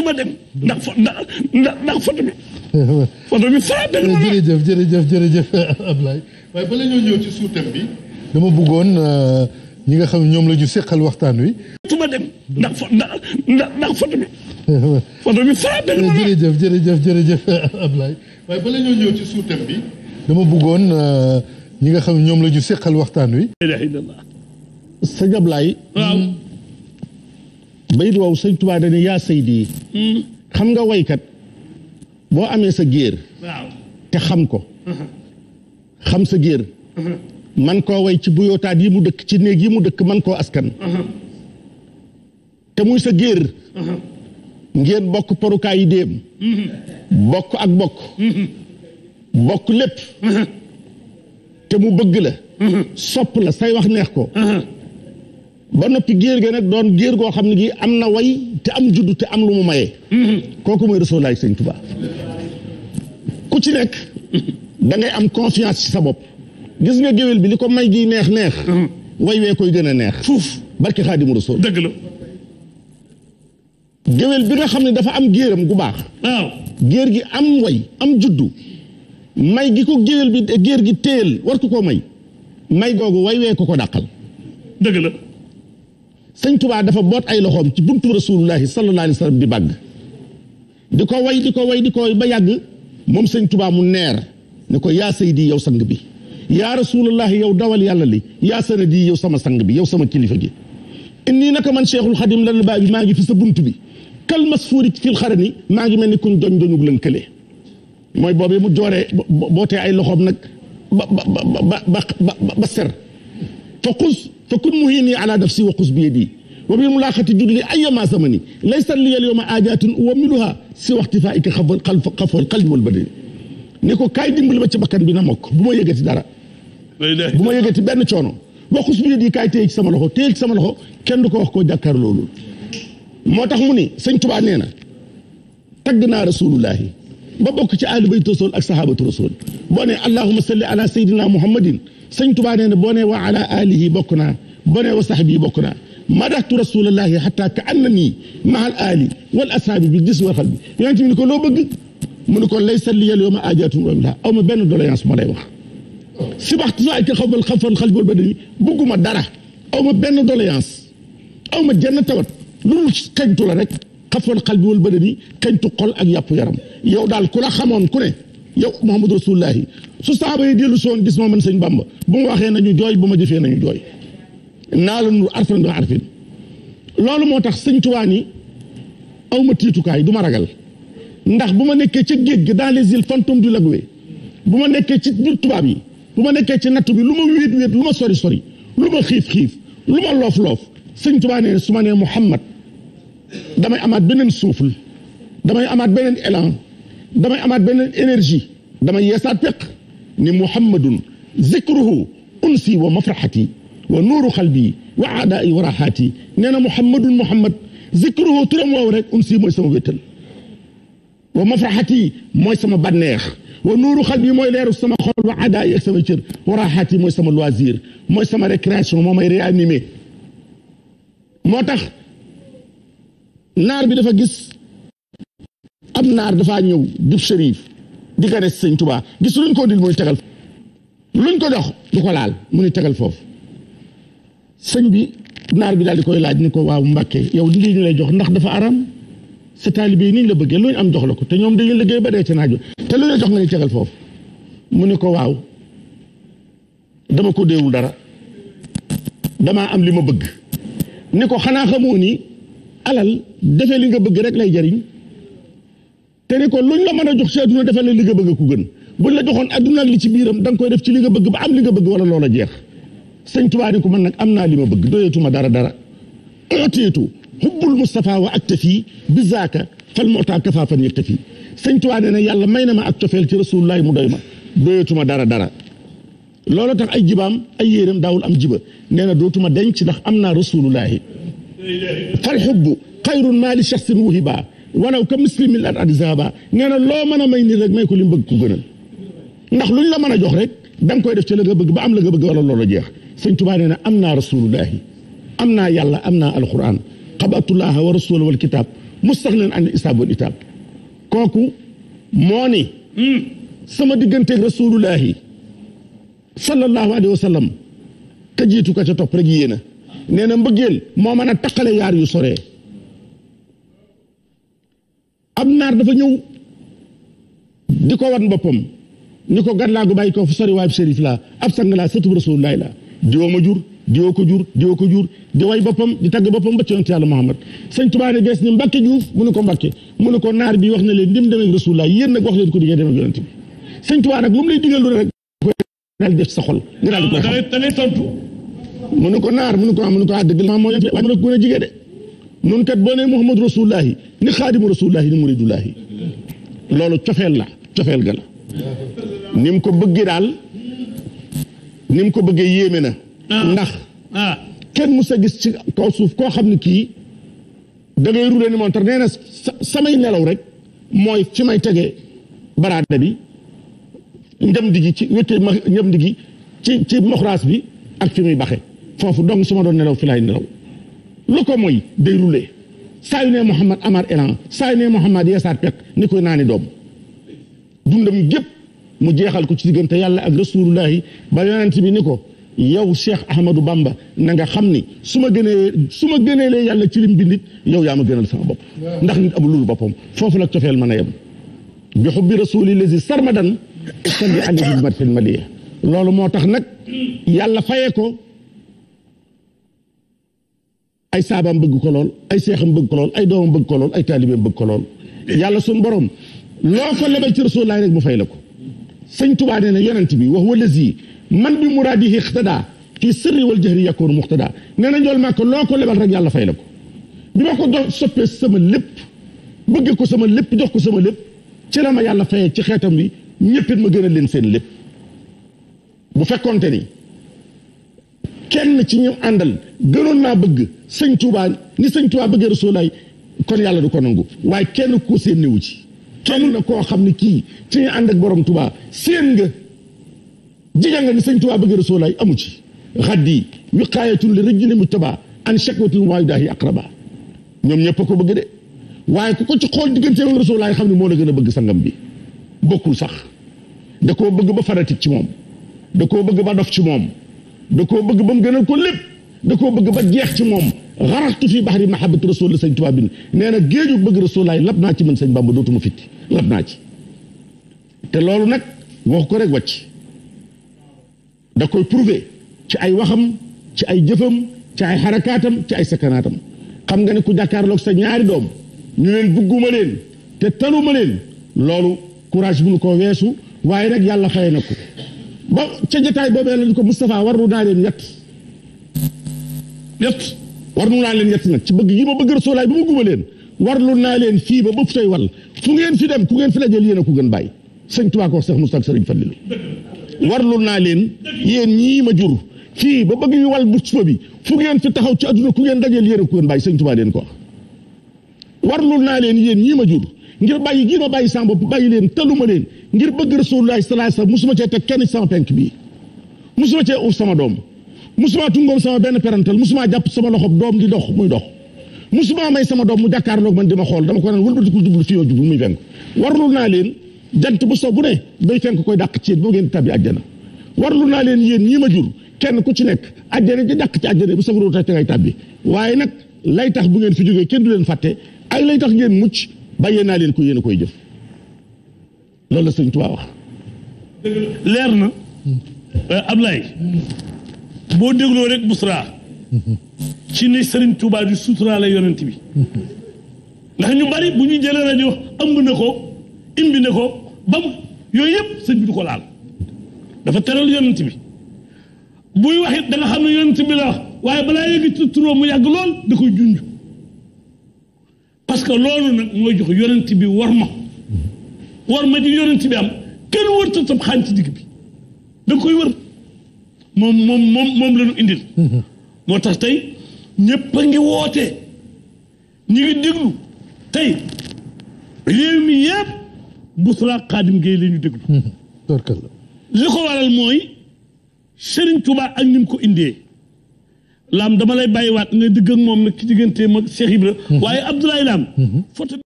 mësuma dem. ndax fo ndax ndax foto bi. na ma jërëjëf jërëjëf jërëjëf Ablaye waaye bala ñoo euh, ñi nga xam ñoom la ñu seqal waxtaan wi. mësuma dem ndax fo ndax ndax foto bi. foto na ma jërëjëf jërëjëf euh, ñi nga xam ñoom la ñu seqal waxtaan wi. sëñ Ablaye. waaw. bayit woowu sëñ Tuubaa dane yaa saydi yi hmm? xam nga woykat boo amee sa géer te xam ko uh-huh. xam sa géer uh-huh. man koo woy ci buyootaat yi mu dëkk ci néeg yi mu dëkk man koo askan uh-huh. te muy sa géer ngeen bokk porukaay yi déem bokk ak bokk bokk lépp te mu bëgg la sopp la say wax neex ko ba noppi géer ga nag doon géer goo xam ne gi am na way te am juddu te am lu mu maye. Mm-hmm. kooku mooy Rasulullaay Sëñ Tuubaa ku ci nekk mm-hmm. dangay am confiance ci sa bopp gis nga géwél bi li ko may gi neex neex mm-hmm. way wee koy gën a neex fuuf barki Xaadimu Rasuul dëgg la géwél bi nga xam ne dafa am géeram gu baax waaw gi am way am juddu may gi ko géwél bi géer gi téel war ko koo may may googu way wee ko ko dàqal dëgg la sëñ tubaa dafa boot ay loxoom ci buntu rasulullahi sallallahu alayhi wa sallam di bàgg di ko way di ko way di ko way ba yàgg moom sëñ tubaa mu neer ne ko yaa saydi yow sang bi yaa rasulullahi yow dawal yàlla li yaa sanadi yow sama sang bi yow sama kilifa gi inni naka man cheikhul xadim lan baa bi maa ngi fi sa bunt bi kal masfuuri fil xarani maa ngi mel ni kuñ doñ doñug lan kële mooy boobee mu jooree bootee ay loxoom nag ba ba fa xus te kun muhini ala nafsi wa xus bi yadi wa bi mulaaxati judli ayama zamani laysa li al yawma aajatun uwammiluha si waxti fa ika xafool xalbi ko kaay dimbali ba ci bakkan bi na mokk bu ma yëgati dara bu ma yëgati benn coono wa xus bi yadi kaay téye ci sama loxo téye ci kenn du ko wax koo jàkkaar moo tax mu ni sëñ Tuubaa nee na tagg naa rasulullahi ba bokk ci ahlu bayt rasul ak sahabatu rasul boo ne allahuma salli ala sayyidina muhammadin sëñ Tuubaa nee na boo ne wa ala alihi bokk naa bone ne wa saxbi bokk naa madaxtu rasulallahi xata ka anna nii mahal aali wal asxaabi bi gis wal xal bi yonent ni ko loo bëgg mu ne ko lay salli yàlla yow ma aajaatum wa la aw ma benn doléance ma lay wax si waxtu saa ka xaw ma xafal xal bool ba dañuy ma dara aw ma benn doléance aw ma jenn tawat lu dul xeñtu la rek xafal xal bi wal badani xeñtu xol ak yàpp yaram yow daal ku la xamoon ku ne yow Muhammadu Rasulullahi su saaba yi dellu soon gis ma man sëñ Bamba bu ma waxee nañu jooy bu ma jëfee nañu jooy naa la nu arfan doo arfin loolu moo tax sëñ Tuubaa ni aw ma tiitukaay du ma ragal ndax bu ma nekkee ca géej gi dans les îles fantômes du Lagué bu ma nekkee ci biir tubaab yi bu ma nekkee ci natt bi lu ma wéet wéet lu ma sori sori lu ma xiif xiif lu ma loof loof sëñ Tuubaa nee su ma nee Muhammad damay amaat beneen souffle damay amaat beneen élan damay amaat beneen énergie damay yeesaat peq ni Muhammadun zikruhu unsi wa mafraxati wa nuuru xalbi wa aadaai wa raxaati nee na muhammadun muhammad zikruhu turam woowu rek um si mooy sama wéttal wa mafraxati mooy sama bànneex wa nuuru xalbi mooy leeru sama xol wa aadaai ak sama cër wa raxaati mooy sama loisir mooy sama récréation moo may réanimé moo tax naar bi dafa gis ab naar dafaa ñëw di shérif di ko ne sëñ Tuubaa gis luñ ko dil muy tegal luñ ko dox du ko laal mu ni tegal foofu sëñ bi naar bi daal di koy laaj ni ko waaw Mbàkke yow lii ñu lay jox ndax dafa aram sa taalibe yi la bëggee looñu am jox la ko te ñoom dañuy liggéey ba dee ca naaju lu la jox nga ne cegal mu ne ko waaw dama ko déewul dara damaa am li ma bëgg ni xanaa xamoo ni alal defee li nga bëgg rek lay jariñ te ni ko luñ la mën a jox ci àdduna defee la li nga bëgg ku gën buñ la joxoon àdduna li ci biiram da nga koy def ci li nga bëgg ba am li nga bëgg wala loola jeex sëñ Tuubaa ni ko man nag am naa li ma bëgg ma dara dara ooteetu xubbul Moustapha wa ak tafii bi zaaka fal mootaa kafaafan yëg tafii sëñ Tuubaa nee na yàlla may na ma ak cofeel ci rasulullahi mu doy ma doyatuma dara dara loolu tax ay jibaam ay yéeram dawl am jiba nee na dootuma denc ndax am naa rasulullahi fal xubbu xayrun maa li shaxsin wuhiba walaw ka muslimin at adisaba nee na loo mën a may nit rek may ko li mu bëgg ku gënal ndax luñ la mën a jox rek da nga koy def ci la nga bëgg ba am la jeex sëñ Tuubaa nee na am naa rasulullahi am naa yàlla am naa alquran xabatullaha wa rasul wal kitaab mustaxlan an isaab wal itaab kooku moo ni sama digganteeg rasulullahi sallallahu alayhi wa sallam ka ca topp rek yéena nee na mbëggeel moo mën a taqale yaar yu sore ab naar dafa ñëw di ko wan boppam ni ko gan laa gu bàyyi ko fu sori waay sérif laa ab sang laa sëtub rasulullahi laa diwoo ma jur diwoo ko jur diwoo ko jur di boppam di tagg boppam ba ci yonent yàlla Muhammad sëñ Tuubaa ne bees ni mu ne ko naar bi wax na leen dim demee ak Rasulullah yéen nag wax leen ko di ngeen demee ak yonent bi sëñ lu mu lay digal lu ne rek koy daal def sa xol nga daal di koy xam da ngay tontu mu ne ko naar mu ne ko ah, mu ne ko ah, dëgg la moo de noonu kat boo nee Rasulullahi ni xaadimu Rasulullahi loolu cofeel la cofeel ga la ni mu ko bëggee ni ko bëggee yéeme na. Ah. ndax. Ah. kenn mu sa gis ci kaw suuf koo xam ne kii da ngay rouler ni montar samay nelaw rek mooy fi may tegee baraada bi njëm di gi ci wéttee ma njëm gi ci ci moxraas bi ak fi muy baxe foofu dong su ma doon nelaw fi laay nelaw lu ko moy day rouler saa yu ne Mouhamad Amar Elan saa yu ne Mouhamad Yassar Pek ni koy naani doom dundam gépp mu jeexal ko ci diggante yàlla ak rasulullahi ba yonent bi ni ko yow Cheikh Ahmadou Bamba na nga xam ni su ma gënee su ma gëneelee yàlla ci lim bindit yow yaa ma gënal sama bopp ndax nit amul loolu boppam foofu la cofeel mën a yem bi xubbi rasuli lazi sarmadan sandi alihi bi matfil maliya loolu moo tax nag yàlla fayee ko ay saabaam bëgg ko lool ay seexam bëgg ko lool ay doomam bëgg ko lool ay taalibeem bëgg ko lool yàlla sun borom loo ko lebal ci rasulullahi rek mu fay la ko sëñ tubaa nee na yonent bi wax walazi man bi muraadihi ixtada fii sirri wal jahri yakoonu muxtada nee na njool màkk loo ko lebal rek yàlla fay la ko di ma ko dox soppee sama lépp bëgg ko sama lépp dox ko sama lépp ci la ma yàlla fayee ci xeetam bi ñëppit ma gën leen seen lépp bu fekkonte ni kenn ci ñu àndal gënoon naa bëgg sëñ tubaa ni sëñ Tuubaa bëggee rasulaay kon yàlla du ko nangu waaye kenn ku seen newu ci kenn na koo xam ne kii ci nga ànd ak borom tubaa séen nga jigéen nga ni sëñ tubaa bëgg rasulaay amu ci xaddi wiqaayatun li rajuli mujtaba an shakwatin waayu daahi aqraba ñoom ñëpp ko bëgg de waaye ku ko ci xool diggante ak rasulaay xam ne moo la gën a bëgg sangam bi bokkul sax da koo bëgg ba fanatique ci moom da koo bëgg ba dof ci moom da koo bëgg ba mu gënal ko lépp da koo bëgg ba jeex ci moom xaraxtu fii baxri mahabbati rasul la sëñ Tuubaa bi nee na géeju bëgg rasulaay lab naa ci man sëñ Bàmba dootuma fitti lab naa ci te loolu nag wax ko rek wàcc da koy prouver ci ay waxam ci ay jëfam ci ay xarakaatam ci ay sakanaatam xam nga ne ku jàkkaarloog sa ñaari doom ñu leen bugguma leen te taluma leen loolu courage bu ñu ko weesu waaye nag yàlla fay na ko ba ca jotaay boobee ko Moustapha war lu naa leen ñett yett war nu naa leen yet nag ci bëgg yi ma bëgg rasulaay ba ma guma leen warlu naa leen fii ba bëf tey wal fu ngeen fi dem ku ngeen fi dajeel yéen a ko gën bàyyi sëñ Tuubaa ko Seex Mustafaa Sëriñ Faliilu warlu naa leen yéen ñii ma jur fii ba bëgg yu wal bu bi fu ngeen fi taxaw ci adduna ku ngeen dajeel yéen a ko gën bàyyi sëñ leen ko warlu naa leen yéen yii ma jur ngir bàyyi gii ma bàyyi sama bopp bàyyi leen taluma leen ngir bëgg rasulullahi sallallahu alayhi ma musuma cee teg kenn sama penk bii musuma cee uuf sama doom musuma tungoom sama benn parental musuma jàpp sama loxo doom di dox muy dox musuma may sama doom mu jàkkaarloog man di ma xool dama ko naan wëlbatiku jublu fi yoo jublu muy fenk warlu naa leen jant bu so bu ne bay fenk koy dàq ci yéen boo ngeen tabbi àjjana lu naa leen yéen ñii ma jur kenn ku ci nekk àjjana di dàq ci àjjana bu sabaroo tax te ngay tàbbi waaye nag lay tax bu ngeen fi jógee kenn leen fàtte ay lay tax ngeen mucc bàyyee naa leen ko yéen koy jëf loolu la sëñ Tuubaa wax leer na hmm. euh, boo dégloo rek busra ci ni Serigne suturaale yonent bi ndax ñu bari bu ñu jëlee rajo ëmb na ko imbi na ko bam yooyu yëpp sëñ bi du ko laal dafa teral yonent bi buy wax it da nga xam ne yonent bi la wax waaye balaa yëg ci turoo mu yàgg lool da koy junj parce que loolu nag mooy jox yonent bi war ma war ma ji yonent bi am kenn wër ta tab ci digg bi da koy wër moom moom moom moom la ñu indil. moo tax tey ñëpp a ngi woote ñu ngi déglu tey réew mi yëpp Bousra Khadim Gueye la ñu li ko waral mooy Serigne Touba ak ni ko indee Lam dama lay bàyyiwaat nga digg ak moom nag ci digganteem ak Cheikh Ibra mhm. waaye Abdoulaye Lam. Mhm.